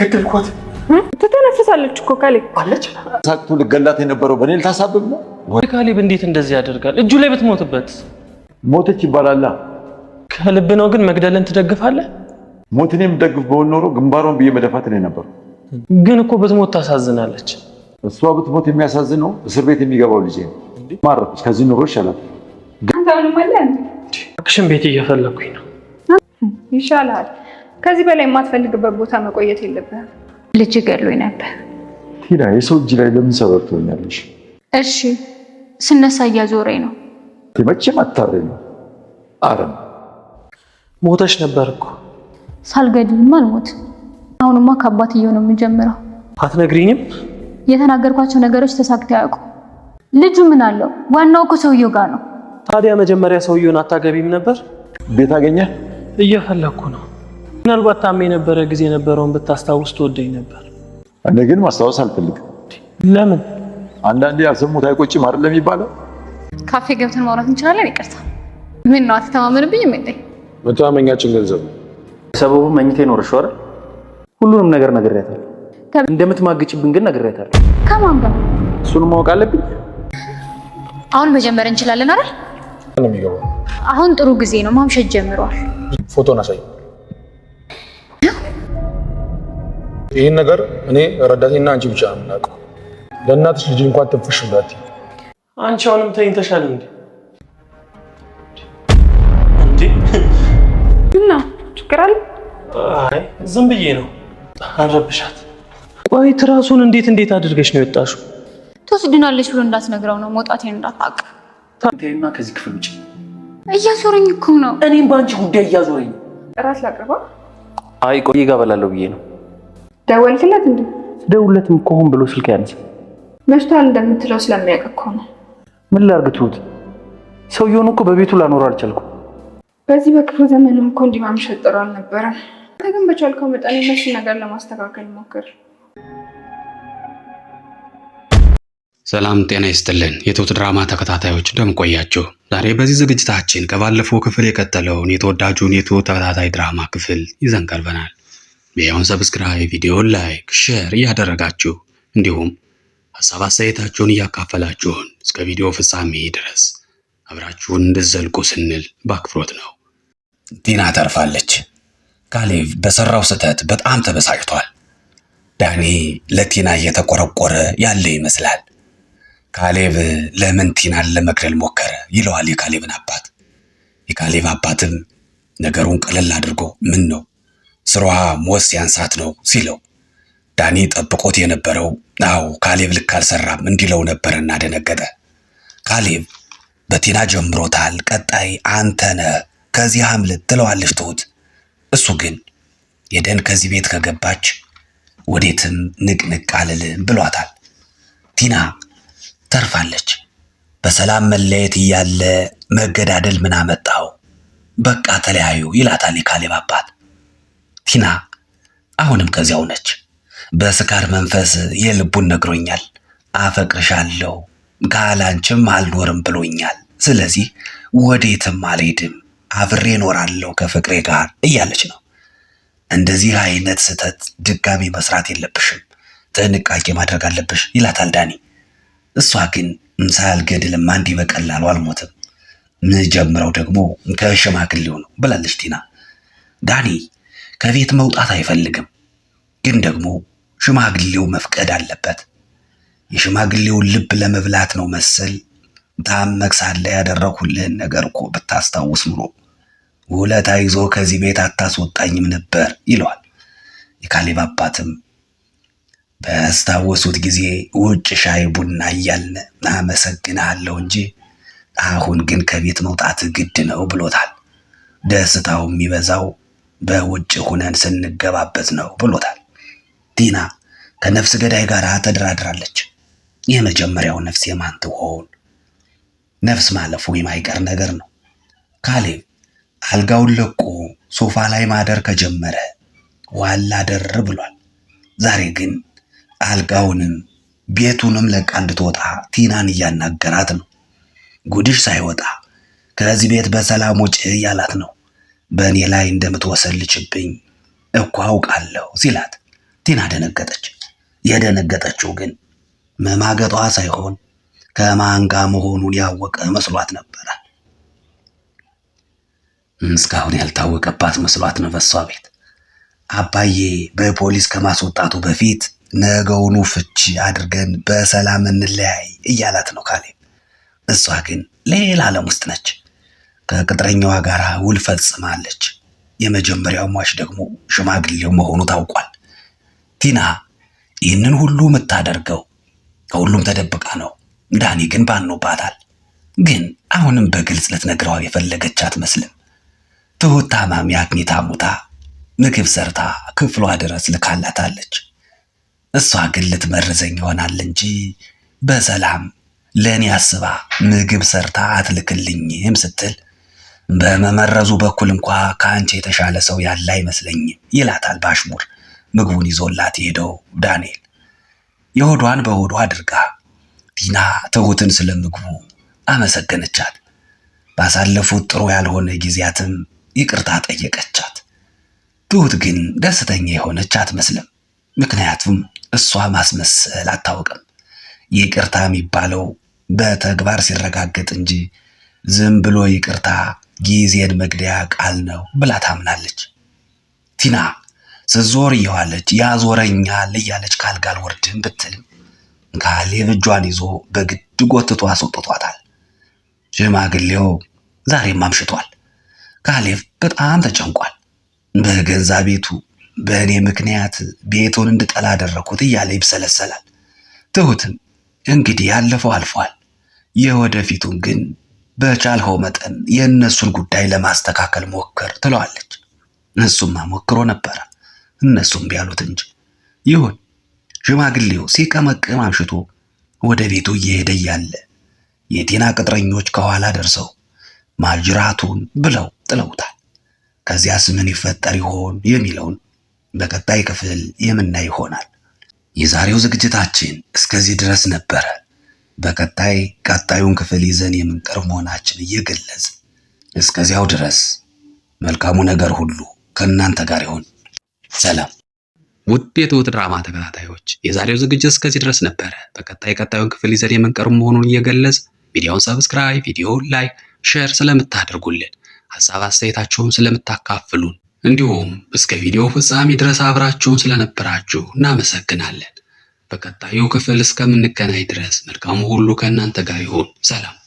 ገደልኳት። ትተነፍሳለች እኮ ካሌብ አለች። ሳቅቱ ልገላት የነበረው በኔ ልታሳብብ ነው። ካሌብ እንዴት እንደዚህ ያደርጋል? እጁ ላይ ብትሞትበት ሞተች ይባላላ። ከልብ ነው ግን መግደልን ትደግፋለህ? ሞት እኔ የምደግፍ በሆን ኖሮ ግንባሯን ብዬ መደፋት ነው ግን እኮ ብትሞት ታሳዝናለች። እሷ ብትሞት የሚያሳዝነው እስር ቤት የሚገባው ልጄ ነው። ማረፍ ከዚህ ኑሮ ይሻላል። ቤት እየፈለኩኝ ነው። ይሻላል ከዚህ በላይ የማትፈልግበት ቦታ መቆየት የለብህም። ልጅ ገሎኝ ነበር። ሂና የሰው እጅ ላይ ለምን ሰበብ ትሆኛለሽ? እሺ ስነሳ እያዞረኝ ነው። መቼም አታረኝ ነው አረም ሞተሽ ነበር እኮ። ሳልገድልም አልሞት። አሁንማ ከአባትየው ነው የምጀምረው። አትነግሪኝም? የተናገርኳቸው ነገሮች ተሳክተው ያውቁ። ልጁ ምን አለው? ዋናው እኮ ሰውየው ጋር ነው። ታዲያ መጀመሪያ ሰውየውን አታገቢም ነበር? ቤት አገኘ? እየፈለግኩ ነው ምናልባት ታሜ የነበረ ጊዜ የነበረውን ብታስታውስ ትወደኝ ነበር። እኔ ግን ማስታወስ አልፈልግም። ለምን? አንዳንዴ ያልሰሙት አይቆጭም አይደል የሚባለው። ካፌ ገብተን ማውራት እንችላለን። ይቅርታ። ምን ነው አትተማመንብኝ? ምን መተማመኛችን ገንዘብ። ሰበቡ መኝታ ይኖርሽ አይደል? ሁሉንም ነገር ነግሬያታለሁ። እንደምትማግጭብን ግን ነግሬያታለሁ። ከማን ጋር? እሱን ማወቅ አለብኝ። አሁን መጀመር እንችላለን አይደል? አሁን ጥሩ ጊዜ ነው። ማምሸት ጀምሯል። ፎቶን አሳይ ይህን ነገር እኔ ረዳቴና አንቺ ብቻ ነው የምናውቀው። ለእናትሽ ልጅ እንኳን ትንፍሽ ብላት። አንቺ አሁንም ተኝተሻል እንዴ? እና ችግር አለ? አይ ዝም ብዬ ነው። አንረብሻት። ቆይ ትራሱን እንዴት እንዴት አድርገሽ ነው የወጣሽው? ትወስድናለች ብሎ እንዳትነግረው ነው መውጣቴን እንዳታውቅ። ታዲያና ከዚህ ክፍል ውጭ እያዞረኝ እኮ ነው። እኔም በአንቺ ጉዳይ እያዞረኝ። እራት ላቅርባ? አይ ቆይ እጋ ብዬ ነው ደወልክለት እንዴ? ደውለትም እኮ ሆን ብሎ ስልክ ያንስ መሽቷል እንደምትለው ስለሚያውቅ እኮ ነው። ምን ላድርግ ትሁት፣ ሰውየውን እኮ በቤቱ ላኖር አልቻልኩም። በዚህ በክፉ ዘመንም እኮ እንዲህ ማምሸት ጥሩ አልነበረም። ግን በቻልከው መጠን የነሱ ነገር ለማስተካከል ሞክር። ሰላም ጤና ይስጥልን የትሁት ድራማ ተከታታዮች እንደምን ቆያችሁ? ዛሬ በዚህ ዝግጅታችን ከባለፈው ክፍል የቀጠለውን የተወዳጁን የትሁት ተከታታይ ድራማ ክፍል ይዘን ቀርበናል። ቪዲዮውን ሰብስክራይብ፣ ቪዲዮውን ላይክ፣ ሼር እያደረጋችሁ እንዲሁም ሀሳብ አስተያየታችሁን እያካፈላችሁን እስከ ቪዲዮ ፍጻሜ ድረስ አብራችሁን እንድዘልቁ ስንል በአክብሮት ነው። ዲና ተርፋለች። ካሌቭ በሰራው ስህተት በጣም ተበሳጭቷል። ዳኒ ለቲና እየተቆረቆረ ያለ ይመስላል። ካሌቭ ለምን ቲናን ለመግደል ሞከረ ይለዋል የካሌቭን አባት። የካሌቭ አባትም ነገሩን ቀለል አድርጎ ምን ነው ስሯ ሞት ሲያንሳት ነው ሲለው ዳኒ ጠብቆት የነበረው አዎ ካሌብ ልክ አልሰራም እንዲለው እና ደነገጠ። ካሌብ በቴና ጀምሮታል፣ ቀጣይ አንተ ነህ ከዚህ አምልጥ ትለዋለች ትሁት። እሱ ግን የደን ከዚህ ቤት ከገባች ወዴትም ንቅንቅ አልልም ብሏታል። ቲና ተርፋለች። በሰላም መለየት እያለ መገዳደል ምን አመጣው? በቃ ተለያዩ ይላታል የካሌብ አባት። ቲና አሁንም ከዚያው ነች። በስካር መንፈስ የልቡን ነግሮኛል። አፈቅርሻለሁ፣ ካላንችም አልኖርም ብሎኛል። ስለዚህ ወዴትም አልሄድም፣ አብሬ እኖራለሁ ከፍቅሬ ጋር እያለች ነው። እንደዚህ አይነት ስህተት ድጋሚ መስራት የለብሽም፣ ጥንቃቄ ማድረግ አለብሽ ይላታል ዳኒ። እሷ ግን ሳልገድልማ እንዲህ በቀላሉ አልሞትም፣ ምጀምረው ደግሞ ከሽማግሌው ነው ብላለች ቲና። ዳኒ ከቤት መውጣት አይፈልግም። ግን ደግሞ ሽማግሌው መፍቀድ አለበት። የሽማግሌውን ልብ ለመብላት ነው መሰል ታመክ ሳለ ያደረኩልህን ነገር እኮ ብታስታውስ ኑሮ ውለታ ይዞ ከዚህ ቤት አታስወጣኝም ነበር ይለዋል። የካሌብ አባትም በስታወሱት ጊዜ ውጭ ሻይ ቡና እያልን አመሰግናለሁ እንጂ አሁን ግን ከቤት መውጣት ግድ ነው ብሎታል። ደስታው የሚበዛው በውጭ ሁነን ስንገባበት ነው ብሎታል። ዲና ከነፍስ ገዳይ ጋር ተደራድራለች። የመጀመሪያው ነፍስ የማን ትሆን? ነፍስ ማለፉ የማይቀር ነገር ነው። ካሌብ አልጋውን ለቆ ሶፋ ላይ ማደር ከጀመረ ዋላ ደር ብሏል። ዛሬ ግን አልጋውንም ቤቱንም ለቃ እንድትወጣ ቲናን እያናገራት ነው። ጉድሽ ሳይወጣ ከዚህ ቤት በሰላም ውጭ እያላት ነው። በእኔ ላይ እንደምትወሰልችብኝ እኮ አውቃለሁ ሲላት ቲና ደነገጠች። የደነገጠችው ግን መማገጧ ሳይሆን ከማንጋ መሆኑን ያወቀ መስሏት ነበረ። እስካሁን ያልታወቀባት መስሏት ነው። በሷ ቤት አባዬ በፖሊስ ከማስወጣቱ በፊት ነገውኑ ፍቺ አድርገን በሰላም እንለያይ እያላት ነው ካሌብ። እሷ ግን ሌላ ዓለም ውስጥ ነች። ከቅጥረኛዋ ጋር ውል ፈጽማለች። የመጀመሪያው ሟች ደግሞ ሽማግሌው መሆኑ ታውቋል። ቲና ይህንን ሁሉ የምታደርገው ከሁሉም ተደብቃ ነው። ዳኒ ግን ባኖባታል። ግን አሁንም በግልጽ ልትነግረው የፈለገች አትመስልም። ትሁት ታማሚ አግኝታ ሙታ ምግብ ሰርታ ክፍሏ ድረስ ልካላታለች። እሷ ግን ልትመርዘኝ ይሆናል እንጂ በሰላም ለእኔ አስባ ምግብ ሰርታ አትልክልኝም ስትል በመመረዙ በኩል እንኳ ከአንቺ የተሻለ ሰው ያለ አይመስለኝም ይላታል ባሽሙር ምግቡን ይዞላት የሄደው ዳንኤል። የሆዷን በሆዷ አድርጋ ዲና ትሁትን ስለ ምግቡ አመሰገነቻት። ባሳለፉት ጥሩ ያልሆነ ጊዜያትም ይቅርታ ጠየቀቻት። ትሁት ግን ደስተኛ የሆነች አትመስልም። ምክንያቱም እሷ ማስመሰል አታውቅም። ይቅርታ የሚባለው በተግባር ሲረጋገጥ እንጂ ዝም ብሎ ይቅርታ ጊዜን መግደያ ቃል ነው ብላ ታምናለች። ቲና ስዞር እየዋለች ያዞረኛል እያለች ከአልጋ አልወርድም ብትልም ካሌብ እጇን ይዞ በግድ ጎትቶ አስወጥቷታል። ሽማግሌው ዛሬም አምሽቷል። ካሌብ በጣም ተጨንቋል። በገዛ ቤቱ በእኔ ምክንያት ቤቱን እንድጠላ አደረግኩት እያለ ይብሰለሰላል። ትሁትም እንግዲህ ያለፈው አልፏል፣ የወደፊቱን ግን በቻልኸው መጠን የእነሱን ጉዳይ ለማስተካከል ሞክር ትለዋለች። እሱማ ሞክሮ ነበረ፣ እነሱም ቢያሉት እንጂ። ይሁን ሽማግሌው ሲቀመቅም አምሽቶ ወደ ቤቱ እየሄደ እያለ የጤና ቅጥረኞች ከኋላ ደርሰው ማጅራቱን ብለው ጥለውታል። ከዚያስ ምን ይፈጠር ይሆን የሚለውን በቀጣይ ክፍል የምናይ ይሆናል። የዛሬው ዝግጅታችን እስከዚህ ድረስ ነበረ። በቀጣይ ቀጣዩን ክፍል ይዘን የምንቀርብ መሆናችን እየገለጽ እስከዚያው ድረስ መልካሙ ነገር ሁሉ ከእናንተ ጋር ይሁን። ሰላም። ውድ የትሁት ድራማ ተከታታዮች የዛሬው ዝግጅት እስከዚህ ድረስ ነበረ። በቀጣይ ቀጣዩን ክፍል ይዘን የምንቀርብ መሆኑን እየገለጽ ቪዲዮውን ሰብስክራይብ፣ ቪዲዮውን ላይክ፣ ሼር ስለምታደርጉልን ሀሳብ አስተያየታችሁን ስለምታካፍሉን እንዲሁም እስከ ቪዲዮ ፍጻሜ ድረስ አብራችሁን ስለነበራችሁ እናመሰግናለን። በቀጣዩ ክፍል እስከምንገናኝ ድረስ መልካሙ ሁሉ ከእናንተ ጋር ይሁን። ሰላም